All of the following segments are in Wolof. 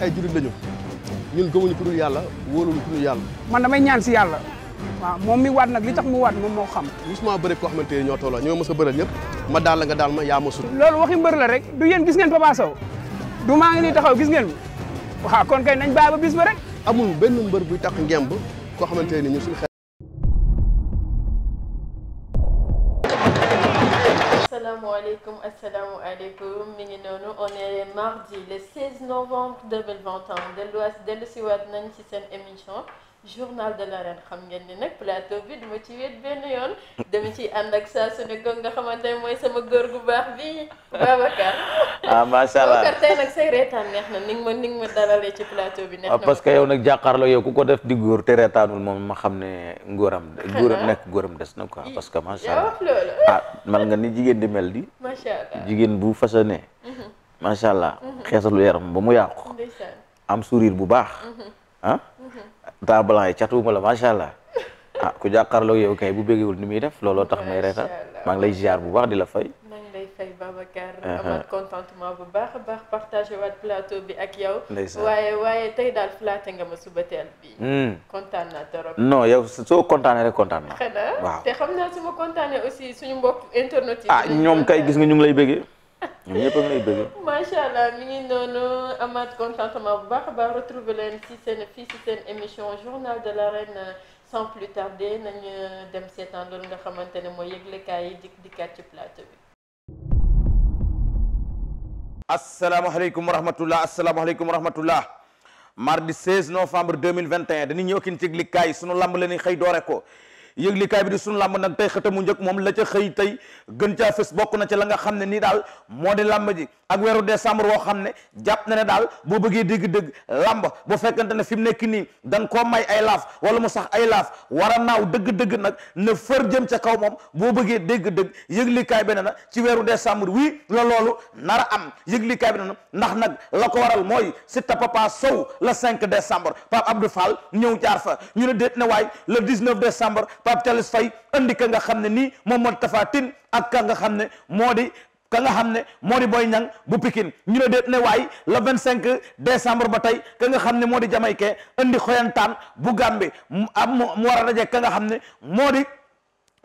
ay jullit lañu ñun gëmuñu ku dul yàlla wóoluñu ku dul yàlla. man damay ñaan si yàlla. waaw moom mi waat nag li tax mu waat moom moo xam. gisuma bëri koo xamante ne ñoo tolloo ñoo mës a bëral ñëpp ma daal la nga daal ma yaa ma sut. loolu waxi mbër la rek du yéen gis ngeen Papa Sow du maa ngi nii taxaw gis ngeen waaw kon kay nañ bàyyi ba bis ba rek. amul benn mbër buy tax ngemb koo xamante ne ñun suñu asalaamaaleykum asalaamaaleykum mi ngi noonu on est mardi le 16 novembre 2021 delluwaat dellusiwaat nañ ci seen émission. journal de l'arène xam ngeen nag plateau bi duma ci wet benn yoon dama ciy ànd ak saa su ne nga xamante mooy sama góor gu baax bi Babacar. ah macha allah Babacar ni nga ni ah, que yow nag jàkkaarloo yow ku ko def di góor te moom ma xam ne ngóoram. góoram nekk góoram des na quoi parce que macha allah. Ah, man nga ni jigéen di mel di. jigéen bu façonné. Mm-hmm. macha allah mm-hmm. xeesalu yaram ba mu yàqu. am sourire bu baax mm-hmm. ah? taa blanc yi catuuma la macha allah ah ku jàkkaarloo yow kay bu béggewul ni muy def looloo tax may reeta maa ngi lay ziar bu baax di la fay. lay fay Babacar amaat contentement bu baax a baax bi ak yow waaye waaye tey daal nga ma suba teel bi hmm. kontaan naa trop non yow soo kontaanee rek kontaan naa te xam naa su ma kontaanee aussi suñu mbokk internet yi ah ñoom kay gis nga ñu lay bëggee ñëpp a ngi lay bëgg. macha mi noonu amaat contentement bu baax a baax retrouver leen ci seen fii émission journal de l'arène sans plus tarder nañu dem seetaan loolu nga xamante ne mooy yëglekaay yi dik dikkaat ci plateau bi. asalaamaaleykum wa rahmatullah asalaamaaleykum wa rahmatullah mardi 16 novembre 2021 dañuy ñëw kin ci yëglekaay sunu lamb la ni xëy doore ko. yëglikaay bi di sunu làmb nag tey xëta mu njëkk moom la ca xëy tey gën caa fës bokk na ca la nga xam ne nii daal moo di làmb ji ak weeru décembre woo xam ne jàpp na ne daal boo bëggee dégg-dégg làmb boo fekkante ne fi mu nekk nii dañ koo may ay laaf wala mu sax ay laaf war a naaw dëgg-dëgg nag ne fër jëm ca kaw moom boo bëggee dégg-dëgg yëglikaay bi ne ci weeru décembre wii la loolu nar am yëglikaay bi ne ndax nag la ko waral mooy Siteu Papa Sow le 5 décembre Pape Abdou Fall ñëw jaar fa ñu ne déet ne waay le 19 décembre Pape Thialis Faye andi ka nga xam ne nii moom moo tafaatin ak ka nga xam ne moo di ka nga xam ne moo di booy Niang bu Pikine ñu ne déet ne waay le vingt cinq décembre ba tey ka nga xam ne moo di Jamaïcain andi xoyantaan bu Gàmbi am mu war a daje ka nga xam ne moo di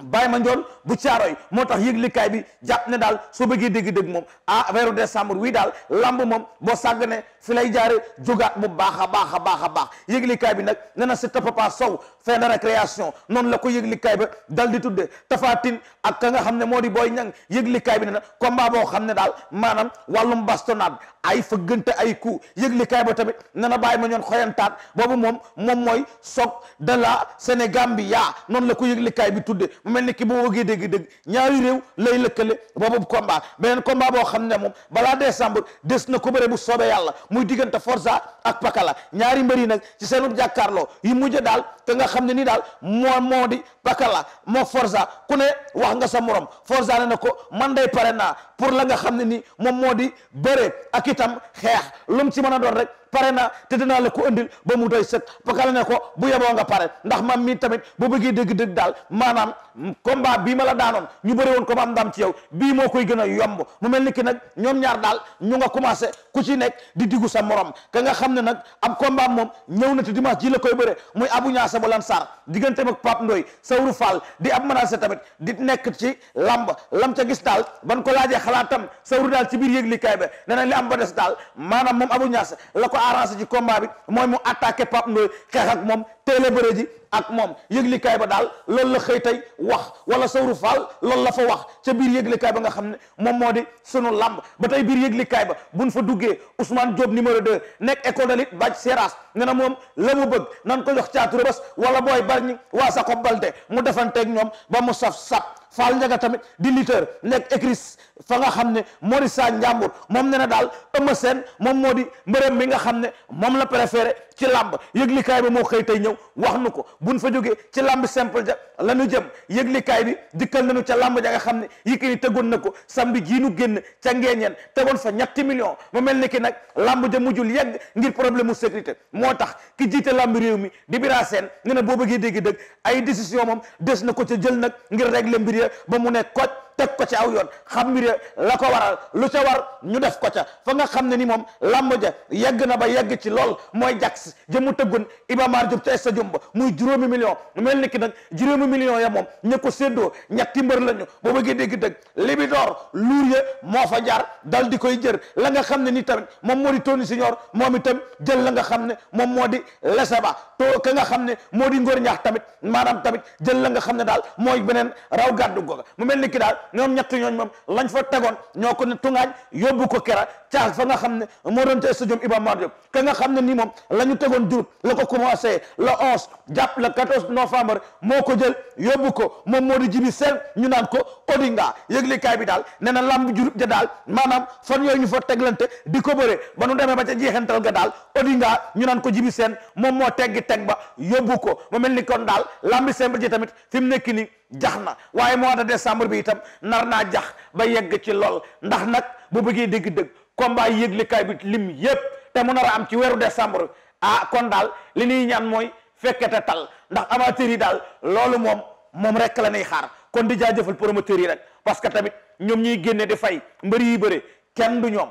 Baye Mandione bu Caaroy moo tax yëglikaay bi jàpp ne daal soo bëggee dégg-dégg moom ah weeru décembre wii daal lamb moom boo sàgg ne fi lay jaare jógaat bu baax a baax a baax a baax yëglikaay bi nag ne na Siteu Papa Sow fin de récréation noonu la ko yëglikaay ba dal di tudde Tafatine ak ka nga xam ne moo di Boy Niang yëglikaay bi ne na combat boo xam ne daal maanaam wàllum bastonnade ay fëggante ay ku yëglikaay ba tamit ne na bàyyi Baye Mandione xoyantaat boobu moom moom mooy soog de la Sénégambie yaa noonu la ko yëglikaay bi tudde mu mel ni ki boo bëggee dégg-dégg ñaari réew lay lëkkale boobu combat beneen komba boo xam ne moom balaa décembre des na ko bëre bu soobee yàlla muy diggante Forza ak Pakala ñaari mbër yi nag ci seenu jàkkaarloo yi mujj daal te nga xam ne ni daal moo moo di Pakala moo Forza ku ne wax nga sa morom Forza ne na ko man day pare naa pour la nga xam ne ni moom moo di bëre ak itam xeex lu ci mën a doon rek pare naa te dinaa la ko andil ba mu doy sët Pakala ne ko bu yeboo nga pare ndax man mii tamit bu bëggee dëgg-dëgg daal maanaam combat bii ma la daanoon ñu bëri woon ko ma am ndam ci yow bii moo koy gën a yomb mu mel ni ki nag ñoom ñaar daal ñu nga commencé ku ci nekk di diggu sa moroom ka nga xam ne nag ab moom ñëw na te dimanche ji la koy bëre muy Abu Ñaasa bu Lansar diggante ak Pape Sawru Fall di ab menacé tamit di nekk ci lamb lam ca gis daal ban ko laajee xalaatam Sawru daal ci biir yëglikaay ba nee na li am ba des daal maanaam moom Abou Niass la ko arrangé ci combat bi mooy mu attaqué Pape Ndoye xeex moom téelé ji ak moom yëglikaay ba daal loolu la xëy tey wax wala sawru faal loolu la fa wax ca biir yëglikaay ba nga xam ne moom moo di sunu làmb ba tey biir yëglikaay ba buñ fa duggee Ousmane Diop numéro 2 nekk école de lutte Bac Seras ne moom la mu bëgg nan ko jox caatu Rebeuss wala booy barñi waa sa ko balte mu defanteeg ñoom ba mu saf sap Fall Ndiaga tamit di lutteur nekk écris fa nga xam ne moo di saa njàmbur moom ne na daal Eumeu seen moom moo di mbërëm bi nga xam ne moom la préféré ci làmb yëglikaay bi moo xëy tey ñëw wax nu ko buñ fa jógee ci làmb simple ja la ñu jëm yëglikaay bi dikkal nañu ca làmb ja nga xam ne Yékini tegoon na ko samedi jii nu génn ca ngeeñeen tegoon fa ñetti millions mu mel ni ki nag làmb ja mujjul yegg ngir problème mu sécurité moo tax ki jiite làmb réew mi di Bira Sène ne boo bëggee dégg dëgg ay décision moom des na ko ca jël nag ngir régler mbir ba mu ne koj teg ko ci aw yoon xam mbir la ko waral lu ca war ñu def ko ca fa nga xam ne ni moom làmb ja yegg na ba yegg ci lool mooy jax jëmu tëggun Iba Mar Diop ca stadium ba muy juróomi million mel ni ki nag juróomi million ya moom ña séddoo ñetti mbër lañu boo bëggee dégg dëgg libidoor luur ya moo fa jaar dal di koy jër la nga xam ne ni tamit moom moo di Tony Senior moom itam jël la nga xam ne moom moo di leseba to ka nga xam ne moo di ngóor ñaax tamit maanaam tamit jël la nga xam ne daal mooy beneen raw gàddu mu mel ni ki daal ñoom ñett ñooñ moom lañ foo tegoon ñoo ko ne tungaañ yóbbu ko kera caax fa nga xam ne moo doon te stadium Iba Mar Diop ka nga xam ne nii moom la ñu tegoon jurut la ko commencé le onze jàpp le quatorze novembre moo ko jël yóbbu ko moom moo di jibi seen ñu naan ko Odinga yëglikaay bi daal nee na lamb jurut ja daal maanaam fan yooyu ñu fa teglante di ko bëre ba nu demee ba ca jeexantal ga daal Odinga ñu naan ko jibi seen moom moo teggi teg ba yóbbu ko mu mel ni kon daal lambi simple ji tamit fi mu nekk nii jax na waaye mois de décembre bi itam nar naa jax ba yegg ci lool ndax nag bu bëggee dégg-dëgg combat yëglikaay bi lim yépp te mu nar a am ci weeru décembre ah kon daal li nuy ñaan mooy fekkete tal ndax amateurs yi daal loolu moom moom rek la ñuy xaar kon di jaajëfal promoteurs yi rek parce que tamit ñoom ñuy génne di fay mbër yi bëre kenn du ñoom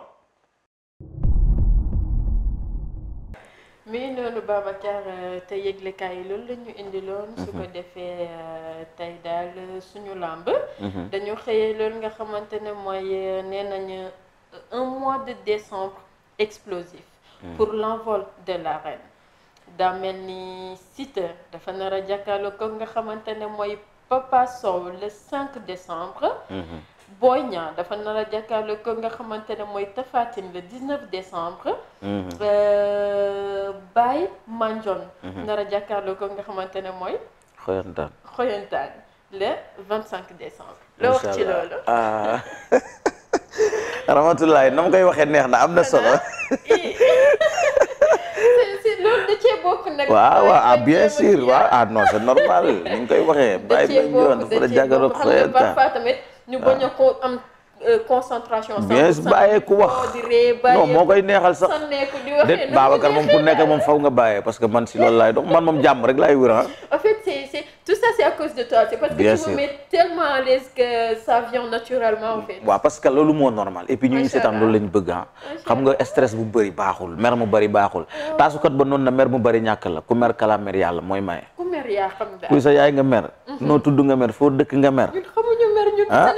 mii noonu Babacar euh, te yëglekaay yi loolu la ñu indiloon. su ko mhm. defee euh, tey daal euh, suñu làmb. Mhm. dañu xëyee loolu nga xamante ne mooy nee nañu un mois de décembre explosif. Mhm. pour l'envol de la l'arène. daa mel ni Siteu dafa nar a jàkkaarloo ko nga xamante ne mooy Papa Sow le 5 décembre. Boy Niang dafa nar a jàkkaarloo ko nga xamante ne mooy Tapha Tine le 19 décembre. Mhm. Euh, Baye Mandione. Mhm. nar a jàkkaarloo ko nga xamante ne mooy. Xoyantaan Xoyantaan le 25 décembre. loo wax ci loolu. Ah. rahmatulah na koy waxee neex na am na solo. waaw waaw ah bien sûr waaw ah, non c'est normal ni ñu koy waxee. Baye Mandione dafa la jàkkaarloo Xoyantaan ñu bañ a ah. ko am euh, concentration. bien bàyyee ku wax non moo koy neexal sax. déet Babacar moom ku nekk moom faw nga bàyyee parce que man si loolu laay dox man moom jàmm rek laay wér ah. en tout ça c'est à cause de toi c'est parce que en mm. fait. waaw que loolu moo normal et puis ñu ngi seetaan loolu lañ bëgg ah. xam nga stress bu bëri baaxul mer mu bëri baaxul. taasukat oh. ba noonu na mer mu bëri ñàkk la ku mer kala mer yàlla mooy maye. ku sa yaay nga mer. Mhm. noo tudd nga mer foo dëkk nga mer. ñun xamuñu ah.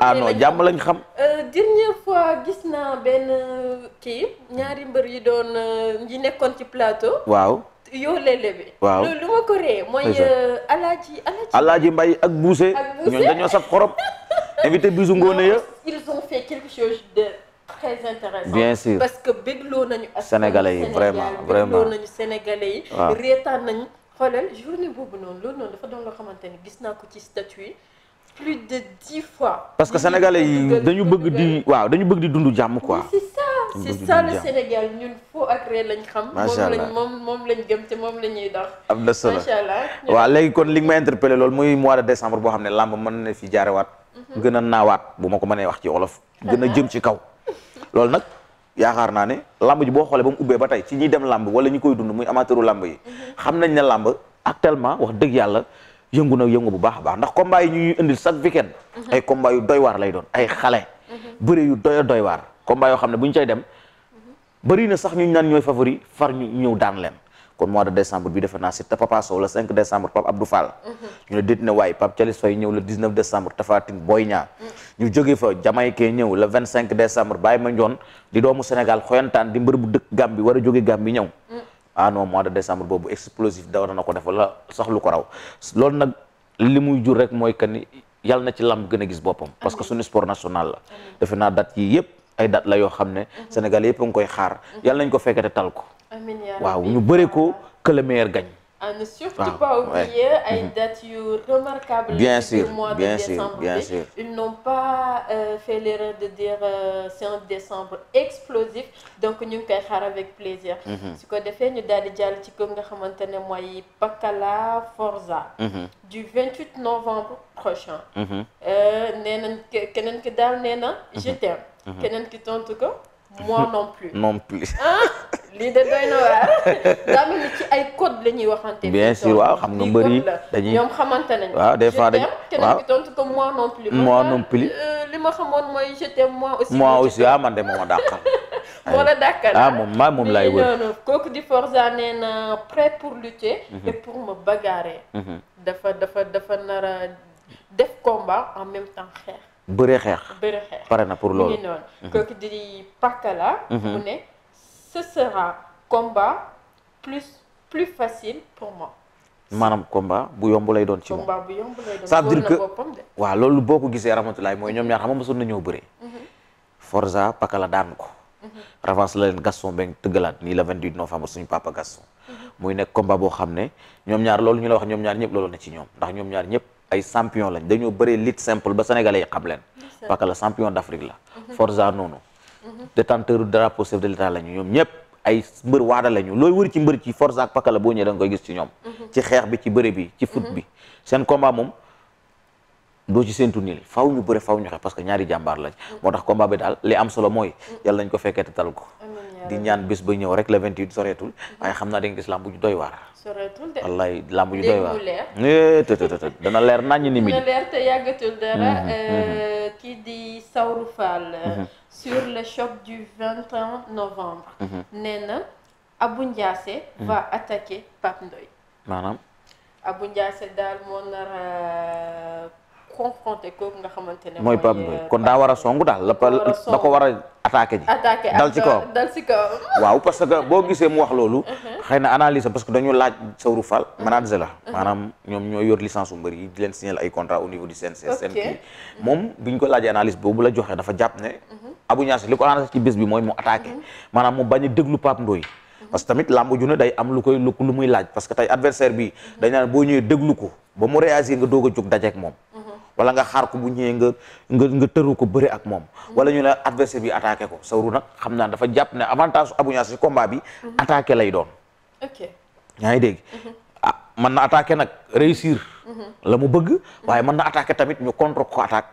ah, lañ xam. Euh, dernière fois gis naa benn euh, kii ñaari mbër yi doon euh, ñi nekkoon ci plateau. waaw. yoo lele bi. waaw loolu lu ma ko mooy. Euh, alaaji alaaji. mbay ak buuse. ak buuse ñooñu dañoo saf xorom. invité bisu ngoone ya. ils ont fait quelque chose de très intéressant. bien sûr parce que bégloo nañu. sénégalais yi vraiment vraiment bégloo nañu sénégalais yi. waaw reetaan nañu xoolal journée boobu noonu loolu noonu dafa doon loo xamante ni gis naa ko ci statut plus parce que sénégalais yi dañu bëgg di waaw dañu bëgg di dund jàmm quoi. c'est ça c'est ça le Sénégal ñun ak moom moom gëm te moom la ñuy dox. na solo macha léegi kon li nga ma interpellé loolu muy mois de décembre boo xam ne làmb mën na fi jaarewaat. Mhm. gën a naawaat bu ma ko mënee wax ci wolof. gën a jëm ci kaw loolu nag. yaakaar naa ne lamb ji boo xoolee ba mu ubbee ba tey ci ñiy dem lamb wala ñu koy dund muy amateuru lamb yi mhm. xam nañ ne làmb actuellement wax dëgg yàlla yëngu na yëngu bu baax a baax ndax combat yi ñu ñuy indil chaque weekend mhm. ay combat yu doy waar lay doon ay xale mhm. bëri yu doy doy waar combat yoo xam ne bu ñu ca dem mhm. bari na sax ñu naan ñooy favori far ñu ñëw daan leen kon mois de décembre bi defe naa si te Papa Sow le 5 décembre Pape Abdou Fall ñu ne déet na waaye Pape Thialis Faye ñëw le 19 décembre Tafatine Boy Niang ñu jóge fa Jamaïque ñëw le 25 décembre Baye Mandione di doomu Sénégal xoyantaan di mbër bu dëkk Gambie war a jóge ah non mois de décembre boobu explosif da na ko def la sax ko raw loolu nag li muy jur rek mooy que ni yàlla na ci lamb gën a gis boppam parce que suñu sport national la defe naa date yi yëpp ay date la yoo xam ne mhm. Sénégal yëpp a ngi koy xaar mhm. yàlla nañ ko fekkete tal ko waaw ñu bëre ko que le meilleur Ah, à ne surtout pas oublier mhm. ay dates yu remarquables. bien sûr mois de décembre bien sûr ils n'ont pas euh, fait l'erreur de dire euh, c'est un décembre explosif donc ñu ngi koy xaar avec plaisir. Mhm. su ko defee ñu daal di jàll ci kër nga xamante ne mooy Bacala Forza. Mhm. du 28 novembre prochain. Euh, nee nañ keneen ki daal nee na je t'aime. keneen ki tontu ko moi non plus. non plus. Ah! lii de doy na waar daa ci ay code la ñuy waxante. bien sûr waaw xam nga mbër dañuy ñoom waaw des fois dañuy waaw keneen tontu ko moi non plus. moi non plus euh, li ma xamoon mooy je t'aime aussi. ah man de moom a dàqal. moo la dàkkal ah, ah moom maa laay wër kooku di Forza nee na prêt pour lutter. Mhm. et pour me bagarrer. Mhm. dafa dafa dafa nar def combat en même temps xeex. bëre xeex pare na pour loolu. Mhm. kooku di Pakala. mu ne. ce sera combat plus plus facile pour moi. maanaam combat bu yomb lay doon ci moom combat bu yomb lay doon ça dire que waaw loolu boo ko gisee rahmatulaay mooy ñoom ñaar xam nga mosoon na ñoo bëre. Mm-hmm. Forza Paka la daan ko. Mm-hmm. revanche la leen Gaston Mbengue tëggalaat nii le 28 novembre suñu papa Gaston. Mm-hmm. muy nekk combat boo xam ne ñoom ñaar loolu ñu la wax ñoom ñaar ñëpp loolu na ci ñoom ndax ñoom ñaar ñëpp ay champion lañ dañoo bëree lutte simple ba sénégalais yi xam leen. Paka la champion d'Afrique la. Forza noonu. détenteur drapeau chef de l'état la ñoom ñëpp ay mbër waada la looy wër ci mbër ci force ak pakala boo ñëwee da koy gis ci ñoom mhm. ci xeex bi ci bëre bi ci foot bi mhm. seen combat moom doo ci seen tournil faw ñu bëre faw ñu xeex parce que ñaari jàmbaar lañ mhm. moo tax combat bi daal li am solo mooy yàlla nañ ko fekkee te tal di ñaan bés ba ñëw rek le 28 soreetul waaye xam naa da nga gis làmb ju doy waar. soreetul de dana leer naññ ni mi. dana leer te yàggatul dara. kii di Saourou Fall. sur le choc du novembre. nee na Abou va attaquer Pape maanaam. Abou Ndiassé daal moo nar confronté nga xamante mooy Pape Ndoye euh, kon daa war a songu daal la da ko war a attaqué ji attaqué dal ci kaw waaw parce que boo gisee mu wax loolu xëy na analyse parce que dañu laaj Saourou Fall manager la uh-huh. maanaam ñoom ñoo yor licence yu mbër yi di leen signaler ay contrat au niveau du CNCR seen kii moom biñ ko laajee analyse boobu la joxee dafa jàpp ne uh-huh. Abou Niass li ko analyse ci bés bi mooy mu attaqué uh-huh. maanaam mu bañ a déglu Pape Ndoye parce que tamit làmb ju ne day am lu koy lu muy laaj que tey adversaire bi dañ naan boo ñëwee déglu ko ba mu réagir nga doog a dajeek moom wala nga xaar ko bu ñëwee nga nga nga tëru ko bëri ak moom wala ñu ne adversaire bi attaqué ko Sawru nag xam naa dafa jàpp ne avantage Abou Niass ci combat bi mhm. attaqué lay doon ok ngi dégg mhm. ah mën na attaqué nag réussir mhm. la mu bëgg waaye mën na attaqué tamit ñu contre ko attaque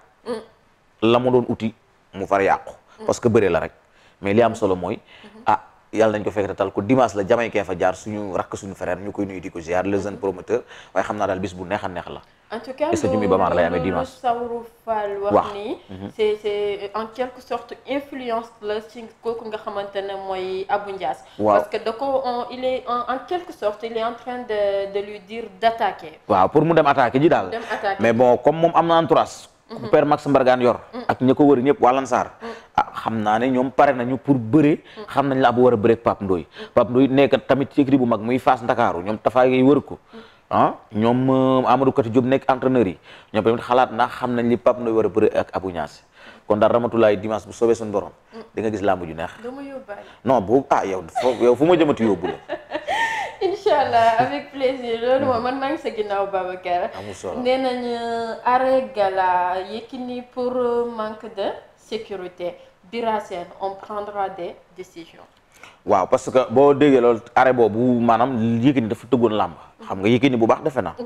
la mu doon uti mu far yàqu parce que bëri la rek mais li am solo mooy ah yàlla nañ ko fekk taal ko dimanche la jamaykee fa jaar suñu rakk suñu frère ñu koy nuyu di ko ziar le jeune promoteur waaye xam naa daal bis bu neex a neex la. en tout cas loolu loolu mhm. en quelque la ci kooku nga xamante ne mooy Abou Ndiass. waaw parce que da ko il est en quelque sorte il train de dire d'attaquer. waaw pour mu dem attaquer ji daal. mais bon comme moom am na entourage. bu mhm. père Max Mbargane yor. Mhm. ak ña ko wër ñëpp waa saar xam naa ne ñoom pare nañu pour bëre xam nañ la abu war a bëre ak Pape Ndoye Pape Ndoye nekk tamit ci écurie bu mag muy Fass Ndakaaru ñoom Tafa Gueye wër ko ah ñoom euh, Amadou Kati Diop nekk entraîneur yi ñoom tamit xalaat naa xam nañ li Pape Ndoye war a bëre ak Abou Niass kon daal Ramatoulaye dimanche bu soobee suñu borom pour euh, manque de sécurité. Birasène on prendra waaw parce que boo déggee loolu boo bu maanaam Yékini dafa tëggoon làmb mm-hmm. xam nga Yékini bu baax defe na bu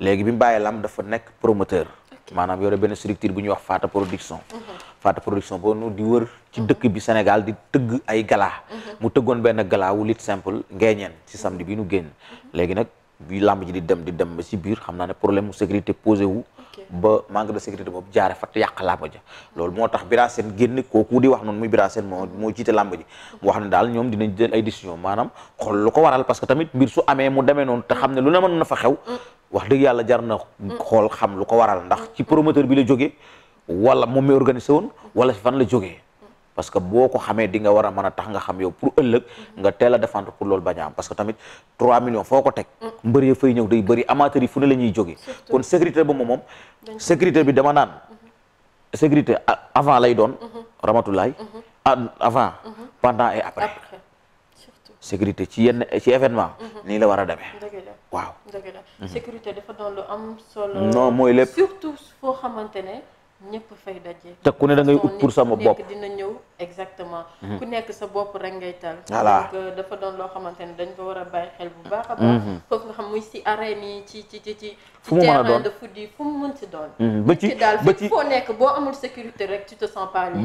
léegi bi mu bàyyee làmb dafa nekk promoteur maanaam yore benn structure bu ñuy wax Fata production mm-hmm. Fata production boo nu di wër ci dëkk bi Sénégal di tëgg ay gala mm-hmm. mu tëggoon benn gala wu lit simple ngeeñeen ci samedi bi nu génn léegi nag bi làmb ji di dem di dem ma si biir xam naa ne problème mu sécurité posé wu ba manque de sécurité boobu jaare fa yàq làmb ja loolu moo tax Bira Sène génn kooku di wax noonu muy Bira Sène moo moo jiite làmb ji mu wax ne daal ñoom dinañ jël ay décision maanaam xool lu ko waral parce que tamit mbir su amee mu demee noonu te xam ne lu ne mën na fa xew mm. wax dëgg yàlla jar na mm. xool xam lu ko waral ndax mm. ci promoteur bi la jógee wala moom mi organisé woon wala fan la jógee parce que boo ko xamee di nga war a mën a tax nga xam yow pour ëllëg nga teel a défendre pour loolu bañ a am parce que tamit 3 millions foo ko teg mbër yi fay ñëw day bëri amateur yi fu ne la ñuy kon sécurité ba moom sécurité bi dama naan sécurité avant lay doon mhm. Ramatoulaye mhm. Ah, avant mhm. pendant et après sécurité ci yenn ci événement nii la war a demee waaw mooy lépp surtout ne ñëpp fay daje. te ku ne da ngay ut pour sama bopp dina ñëw exactement. Mhm. ku nekk sa bopp rek ngay tal. voilà donc euh, dafa doon loo xamante ne dañ ko war a bàyyi xel bu baax a baax. Mhm. foofu nga xam si arène yi ci ci ci ci. fu mu mën a doon de foot yi mhm. ba ci daal fi foo sécurité rek tu te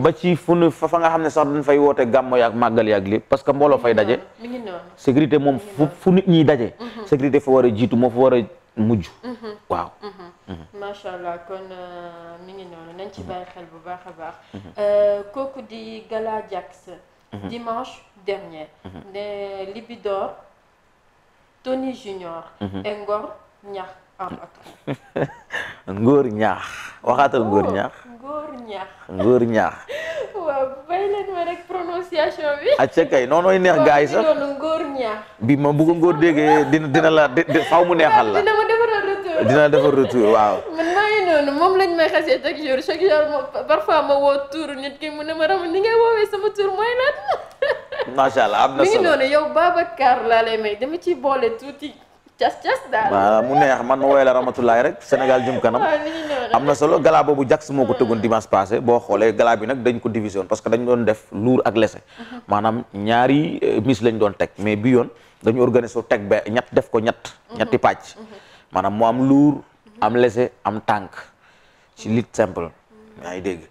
ba ci fu nu fa nga xam ne sax dañ fay woote gàmmo yaag màggal yaag lépp parce que mbooloo fay daje. mi ngi sécurité moom fu fu nit ñiy daje. sécurité fa war a jiitu moo fa war a mujj. waaw. Mhm. macha allah kon euh, mi ngi noonu nañ ci mhm. bàyyi xel bu baax a baax. Mhm. Euh, kooku di Gala Jax. dimanche dernier. ne Libidor Tony Junior. et Ngor ñax en patron. Ngor ñaax waxaatal Ngor ñaax. Oh, Ngor ñaax Ngor ñaax. waaw bàyyi leen ma rek prononciation bi. acca kay noonooy neex gars Ngor ñaax. bi ma bu ko Ngor déggee dina dina la faw mu neexal la. dinaa defar retour waaw. man maa ngi moom lañ may xasee chaque jour chaque jour ma woo tuuru nit ki mu ne ma ram ni ngay woowee sama tur mooy lan. macha allah am na solo mi ngi laa lay may dama ciy mu neex man ma woowee la Ramatulaay rek Sénégal jëm kanam. am na solo gala boobu Jax moo ko tëggoon dimanche passé boo xoolee gala bi nag dañ ko division parce que dañ doon def luur ak lese. Mhm. maanaam ñaari eh, miss lañ doon teg mais bi yoon dañu organiser teg ba ñett def ko ñett. Mhm. ñetti pàcc. Mhm. maanaam mu am luur am lese am tànk ci lit simple maa ngi dégg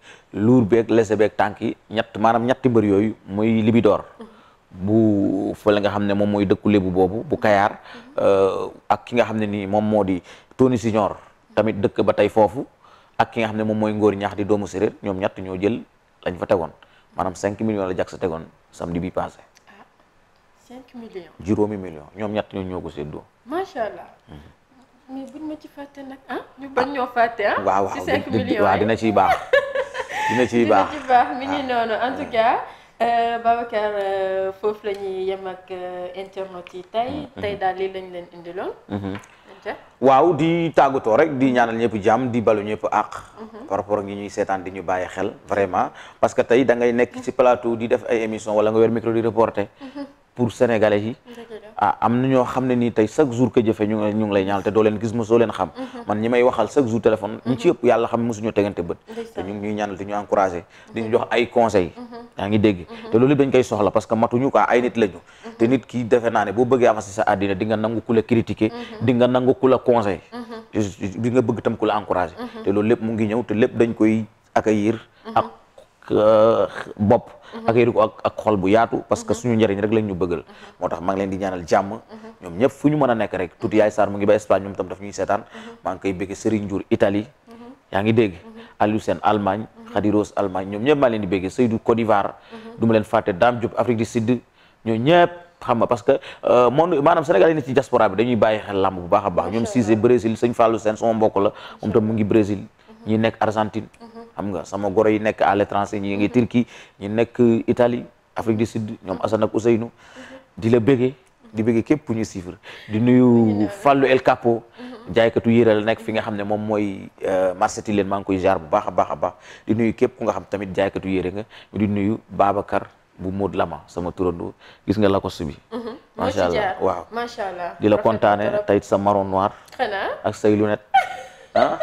luur beeg lese beek tànk yi ñett maanaam ñetti mbër yooyu muy libidoor bu fële nga xam ne moom mooy dëkkule bu boobu bu kayaar euh, ak ki nga xam ne nii moom moo di Tony Signor tamit dëkk ba tey foofu ak ki nga xam ne moom mooy ngoor ñaax di doomu séréer ñoom ñett ñoo jël lañ fa tegoon maanaam cinq millions la jag sa tegoon samedi bi passé ah, cinq millions juróomi ñoom ñett ñoo ñoo mais buñ ma ci fàtte nag ah, ñu bañ ñoo fàtte ah, waaw ci waaw dina ciy baax. dina ciy baax dina ciy baax ah. noonu en tout cas. Euh, Babacar euh, foofu la ñuy ak euh, internet yi mm-hmm, mm-hmm. tey. daal lii lañ leen indiloon. Mm-hmm. waaw di tàggatoo rek di ñaanal ñëpp jàmm di balu ñëpp àq. par rapport ak ñi ñuy seetaan di ñu bàyyi xel vraiment parce que tey da ngay nekk ci plateau di def ay émission wala nga wér micro di reporter. pour sénégalais yi ah am na ñoo xam ne nii tey chaque jour que jëfe ñu ngi lay ñaanal te doo leen gis mos leen xam mhm. man ñi may waxal chaque jour téléphone ñu ci yëpp mhm. yàlla xam ne mosuñoo te ñu ñu encouragé di ñu mhm. jox ay conseils yaa ngi dégg te loolu dañ koy soxla parce que matuñu quoi ay nit lañu te nit ki defe naa boo bëggee avancer sa àddina di nangu ku la critiquer di nga nangu ku la conseil di nga bëgg tam ku la encouragé te loolu lépp mu Euh, bopp mhm. accueillir ko ak ak xol bu yaatu parce que mhm. suñu njëriñ rek lañ bëggal mhm. moo tax maa leen di ñaanal jàmm ñoom ñëpp fu ñu mën a nekk rek tuuti yaay Sarr mu ngi ba Espagne ñoom tam daf ñuy seetaan maa leen di bëgg Seydou Côte d'Ivoire du ma leen fàtte Dame Diop Afrique du Sud ñoo ñëpp xam nga parce que euh, monde maanaam Sénégal yi ne ci diaspora bi dañuy bàyyi xel làmb bu baax a baax ñoom Cissé Brésil sëñ Fallou Sène sama mbokk la moom tam mu ngi Brésil ñi xam nga sama goro yi nekk à l'étranger ñi ngi Turquie ñi nekk Italie Afrique du Sud ñoom Assane ak Ousseynou di la béggee di béggee képp pour ñu suivre di nuyu Fallou El Capo jaaykatu yére la nekk fi nga xam ne moom mooy euh, marché Tilène maa ngi koy jaar bu baax a baax a baax di nuyu képp ku nga xam tamit jaaykatu yére nga di nuyu Babacar bu Maud Lama sama turando gis nga lacoste bi. macha mhm. allah waaw macha allah la kontaane tayit sa marron noir. xanaa ak say lunette ah?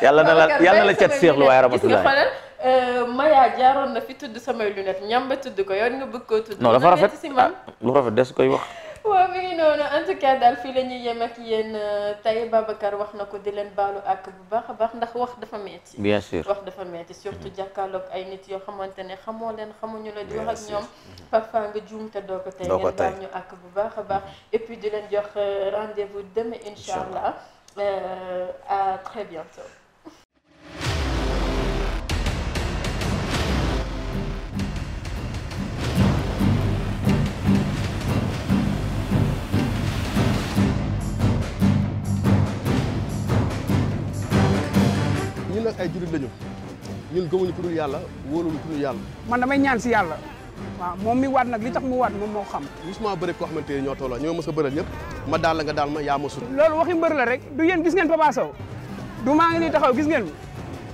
yàlla na la yàlla na la cat seexlu waaye ramatulaay euh, Maya jaaroon na fi tudd samay lunette ñamba tudd ko yoon nga bëgg koo tudd. non dafa rafet ah, lu rafet des koy wax. waaw mi ngi noonu en tout cas daal fii la ñuy yem ak yéen euh, tey Babacar wax na ko di leen baalu ak bu baax a baax ndax wax dafa metti bien sûr wax dafa metti surtout jàkkaarloog ay nit yoo xamante ne xamoo leen xamuñu la di wax ak ñoom parfois nga juum te doo ko tey ngeen ak bu baax a baax et puis di leen jox euh, rendez-vous demain incha allah à très bientôt ay jullit lañu ñun gëmuñu ku dul yàlla wóoluñu ku dul yàlla. man damay ñaan si yàlla. waaw moom mi waat nag li tax mu waat moom moo xam. gisuma bëri koo xamante ne ñoo tolloo ñoo mës a bëral ñëpp ma daal la nga daal ma yaa ma sut. loolu waxi mbër la rek du yéen gis ngeen Papa Sow du maa ngi nii taxaw gis ngeen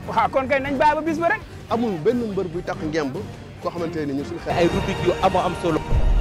waaw kon kay nañ bàyyi ba bis ba rek. amul benn mbër buy tax ngemb koo xamante ne ñun suñu xel. ay rubrique yu amoo am solo.